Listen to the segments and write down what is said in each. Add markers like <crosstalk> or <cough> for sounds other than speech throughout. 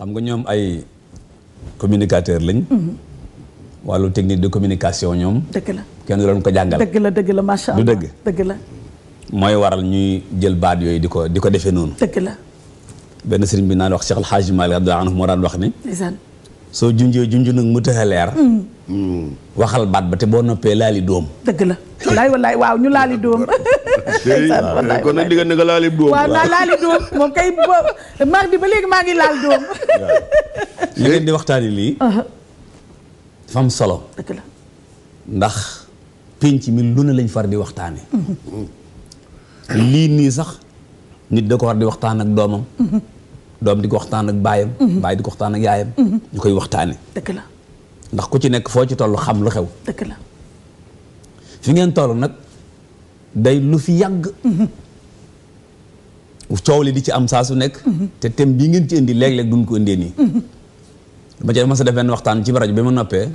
xam nga ñoom ay communicateur lañ. Mhm. wàllu technique de communication ñoom. dëgg la kenn doon ko jàngal. dëgg la dëgg la macha lu dëgg. dëgg la. mooy waral ñuy jël baat yooyu di ko di ko defee noonu. dëgg la. benn sëriñ bi naan wax Cheikh El Hadj Malick Abdoulaye anhu moo daan wax ni. ndeysaan. soo junjee junj nag mu tëxe leer. Mhm. waxal baat ba te boo noppee laali doom. dëgg la walaay waaw ñu laali doom. <laughs> walaay doom. waaw naa laali doom moom kay mardi ba léegi maa ngi laal doom. li <laughs> ngeen di waxtaanee lii. Uh-huh. dafa solo. dëgg ndax penc mi lu ne lañ far di waxtaani uh-huh. lii nii sax nit da ko war di waxtaan ak doomam. Uh-huh. doom di ko waxtaan ak baayam. baay di ko waxtaan ak yaayam. ñu koy waxtaanee. dëgg ndax ku ci nekk foo ci toll xam lu xew. dëgg la fi ngeen toll nag day lu fi yàgg. Mm-hmm. coow li di ci am saa su nekk. Mm-hmm. te tem bii ngeen ci indi léeg-léeg duñ ko indee nii. ma mm-hmm. ca ma sa waxtaan ci rajo bi ma noppee.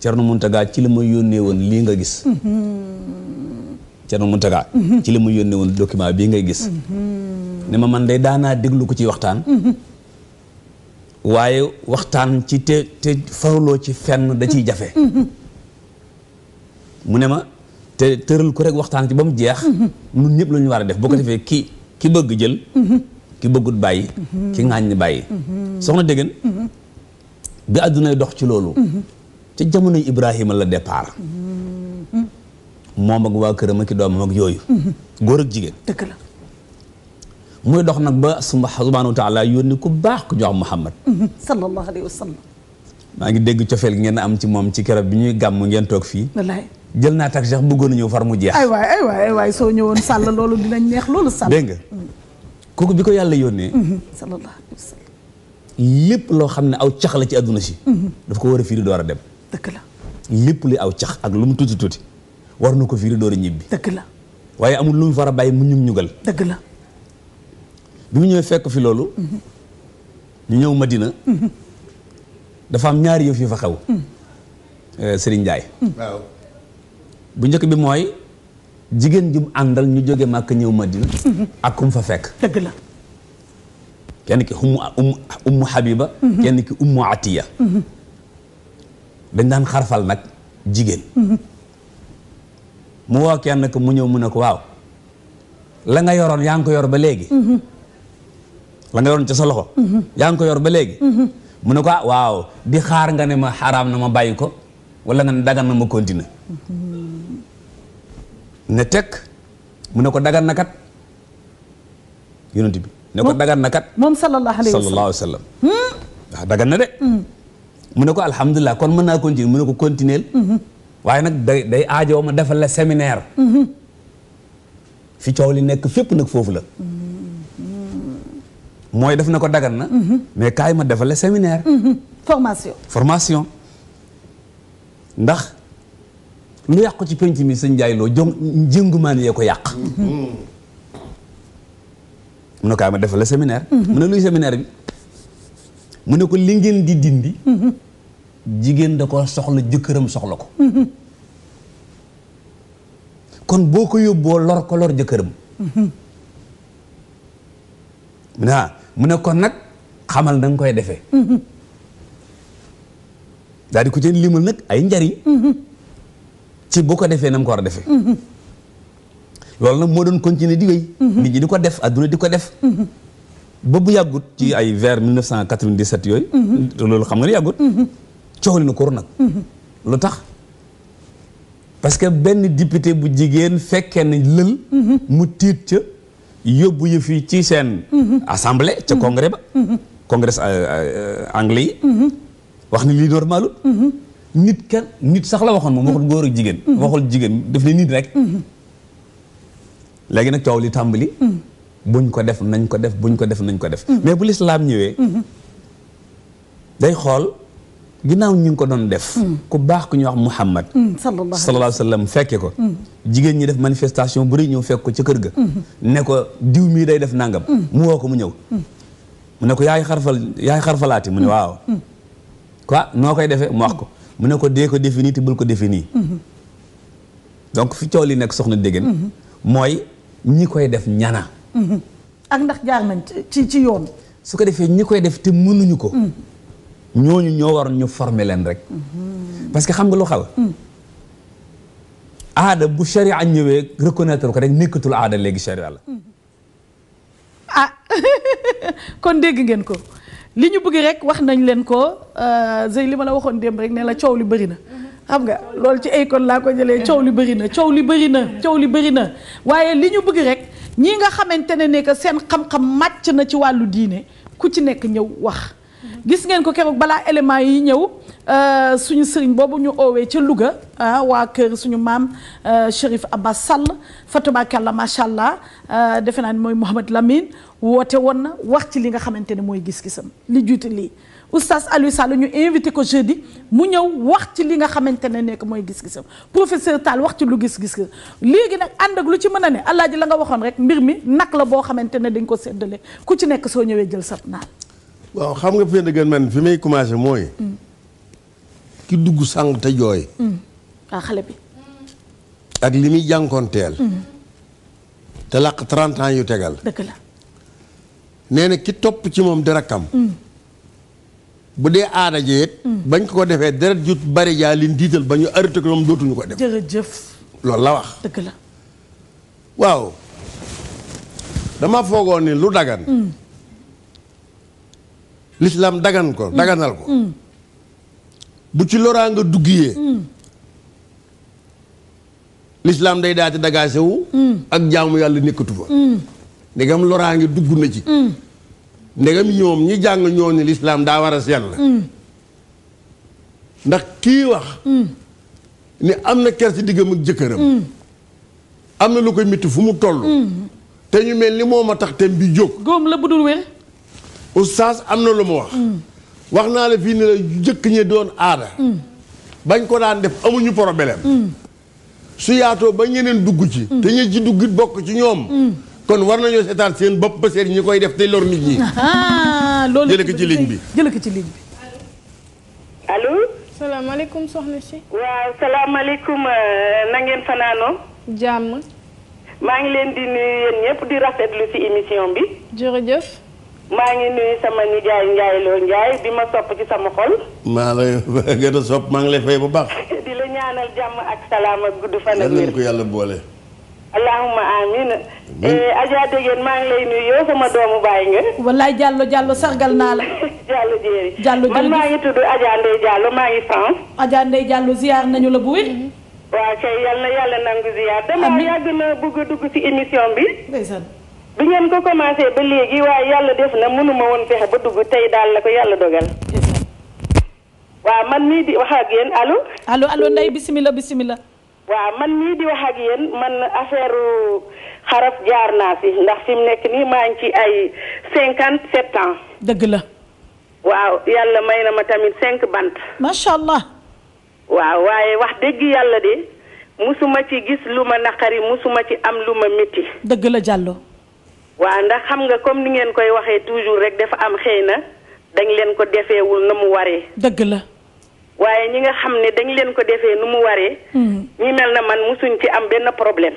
Thierno Mountaga ci la ma yónnee woon lii nga gis. Thierno Mountaga. ci li ma yónnee woon document bii ngay gis. ne ma man day daanaa déglu ko ci waxtaan. waaye waxtaan ci te te farloo ci fenn da ciy jafe <laughs> mu ne ma te tëral ko rek waxtaan ci ba mu jeex nun <laughs> ñëpp la ñu war a def boo ko defee ki ki bëgg jël <laughs> ki bëggut bàyyi ki ŋaañ bàyyi soxna déggan bi àddunay dox ci loolu ca jamonoy Ibrahima la départ moom ak waa këram ak doomam ak yooyu góor ak jigéen dëgg la muy dox nag ba subhaanahu wa taala yónni ku baax ku jox Muhammad mhm. sallallahu alayhi wa sallam maa ngi dégg cofeel gi ngeen am ci moom ci keroog bi ñuy gàmm ngeen toog fii wallaay jël naa tax sax bëggoon a ñëw far mu jeex ay waay ay soo ñëwoon sàll loolu dinañ neex loolu sàll nga mhm. kooku bi ko yàlla yónnee mhm. sallallahu alayhi wa sallam lépp loo xam ne aw cax la ci àdduna si daf ko war a firi door a dem dëgg la lépp li aw cax ak lu mu tuuti tuuti war na ko firi door a ñibbi dëgg la waaye amul lu mu far a bàyyi mu ñug ñugal dëgg la bi mu ñëwee fekk fi loolu ñu ñëw Madina dafa am ñaari yëf yu fa xew eh, Serigne Ndiaye bu njëkk bi mooy jigéen ju mu àndal ñu jóge màkk ñëw Madina ak kum fa fekk dëgg la kenn ki umu ummu Habiba kenn ki ummu Atiya dañ daan xarfal nag jigéen mu woo kenn ko mu ñëw mu ne ko waaw la nga yoroon yaa ngi ko yor ba léegi la nga yoroon ci sa loxo yaa ngi ko yor ba léegi mu ne ko ah waaw di xaar nga ne ma xaraam na ma bàyyi ko wala nga ne dagan na ma kontine ne teg mu ne ko dagan na kat bi ne ko dagan na moom sallallahu alayhi wa sallam hmm? ah, dagan na de hmm. mu ne ko alhamdulilah kon mën naa continuer mu ne ko continuer hmm. waaye nag day day aajoo ma defal la séminaire fi coow li nekk fépp nag foofu la mooy def na ko dagan na mhm. mais kaay ma defale séminaire mhm. formation ndax lu yàqu ci penc mi sëñ njaayloo loo jom yee ko yàq mhm. mu ne kaay ma defale séminaire mu ne luy séminaire bi mu ne ko li ngeen di dindi jigéen da ko soxla jëkkëram soxla ko kon boo ko yóbboo lor ko lor jëkkëram mu ne kon nag xamal na nga koy defee daal di ko ceen limal nag ay njariñ ci boo ko defee na mu ko war a defe loolu nag moo doon continuer di wéy nit ñi di ko def adduna di ko def ba bu yàggut ci ay vers 1997 yooyu te loolu xam nga ne yàggut coow li na koru nag lu tax parce que benn député bu jigéen fekkee na lël mu tiit ca yóbbu yëf yi ci seen mhm. assemblée ca mhm. congrès ba mhm. congrès euh, euh, anglais yi wax ni lii normalul nit kenn nit sax la waxoon moom waxul góor jigéen waxul jigéen def ne nit rek léegi nag coow li tàmbali buñ ko def nañ ko def buñ ko def nañ ko def mais bu lislaam ñëwee day xool ginnaaw ñu ngi ko doon def. Mm. ku baax ku ñuy wax Muhammad. Mm, sallallahu alayhi wa sallam fekke ko. Mm. jigéen ñi def manifestation bu rëy ñëw fekk ko ca kër ga. Mm-hmm. ne ko diw mii day def nangam. mu woo ko mu ñëw. mu ne ko yaay xarfal yaay xarfalaati mu ne waaw. quoi noo koy defee mu wax ko mu ne ko dee ko défini te bul ko défini. Mm-hmm. donc fi coow li nekk soxna Degen. Mm-hmm. mooy ñi koy def ñana. ak ndax jaar nañ ci ci yoon. su ko defee ñi koy def te mënuñu ko. ñooñu ñoo waroon ñu former leen rek parce que xam nga lu xal aada bu sharia ñëwee reconnaître ko rek nekkatul aada léegi sharia la ah <laughs> kon dégg ngeen ko li ñu bëgg rek wax nañ leen ko euh, Zey li ma la waxoon démb rek ne la coow li bëri na xam nga loolu ci ay kon laa ko jëlee coow li bëri na coow li bëri na coow li bëri na waaye li ñu bëgg rek ñi nga xamante ne ne que seen xam-xam màcc na ci wàllu diine ku ci nekk ñëw wax gis ngeen ko keroog balaa élément yi ñëw euh, suñu sëriñ boobu ñu oowee ca Louga ah, waa kër suñu maam euh, Chérif Abbas Sall fatabakàlla macha allah euh, defe naa ni mooy Mouhamad Lamine woote woon na wax ci li nga xamante ne mooy gis-gisam li juuti lii oustaz Aliou Sall ñu invité ko jeudi mu ñëw wax ci li nga xamante ne nekk mooy gis-gisam professeur Tall wax ci lu gis-gis léegi nag ànd ak lu ci mën a ne alaaji la nga waxoon rek mbir mi nak la boo xamante ne dañ ko séddale ku ci nekk soo ñëwee jël sab waaw xam nga fee gën man fi may commencé mooy. Mm. ki dugg sàng te jooy. Mm. ah xale bi. ak li muy jànkoonteel. Mm. te làq trente yu tegal. dëgg ki topp ci moom dara kam. bu dee aada jeet bañ ko ko defee deret ju bari jaa liñ diital ba ñu arrêté ko moom dootuñu ko def. jërëjëf. loolu la wax. dëgg la. waaw. dama foogoon ni lu dagan. lislaam dagan ko mm. daganal ko mm. bu ci loraa nga duggiyee mm. lislaam day daati dagaase wu ak jaamu yàlla nekkatu fa ndegam loraa ngi dugg na ci ndegam ñoom ñi jàng ñoo ni l'islam daa war a la ndax kii wax ni am na ker ci diggam ak jëkkëram am na lu koy métti fu mu toll te ñu mel ni moom a tax tem bi jóg góom la budul wér oustaz am na lu mu wax. Mm. wax naa la fii ne la jëkk ñi doon aada. Mm. bañ ko daan def amuñu problème. Mm. su yaatoo ba ñeneen dugg ci. te ñi ci dugg bokk ci ñoom. kon war nañoo seetaan seen bopp ba seen ñi koy def te lor nit ñi. <laughs> Ah, loolu jëlee ci ligne bi jëlee ko ci bi. allo. salaamaaleykum soxna si. waaw salaamaaleykum euh, na ngeen fanaanoo. jàmm. maa ngi leen di nuyu yéen ñëpp di rafetlu ci émission bi. jërëjëf. maa ngi nuyu sama nijaay Ndiaye Lo Ndiaye ma sopp ci sama xol. maa lay <laughs> gën a sopp maa ngi lay fay bu baax. <laughs> di la ñaanal jàmm ak salaam gudd fan. ko yàlla boole. allahumma amin eh, Adja Dégène maa ngi lay nuyu yow sama doomu baay nga. wallaay Diallo Diallo sargal naa la. <laughs> Diallo jéeri Diallo man maa ngi tudd Adja Ndeye Diallo maa ngi France. Adja Ndeye Diallo ziar nañu la bu wér. kay yal yàlla nangu ziar. amiin yàgg na bëgg a dugg ci émission bi. bi ngeen ko commencé ba léegi waaye yàlla def na mënuma woon fexe ba dugg tey daal la ko yàlla dogal. waaw man mii di wax ak yéen allo. allo allo ndey bisimilah bisimilah. waaw man mii di wax ak yéen man affaire xarab jaar naa fi ndax fi nekk nii maa ngi ci ay cinquante sept ans. dëgg la. waaw yàlla may na ma tamit cinq bant. macha allah. waaw waaye wax dëgg yàlla de mësuma ci gis lu ma naqari musuma ci am lu ma métti. dëgg la Diallo. waa ndax xam nga comme ni ngeen koy waxee toujours rek dafa am xëy na dañ leen ko defeewul na mu waree. dëgg la. waaye ñi nga xam ne dañ leen ko defee nu mu waree. Hmm. ñi mel na man musuñ ci am benn problème.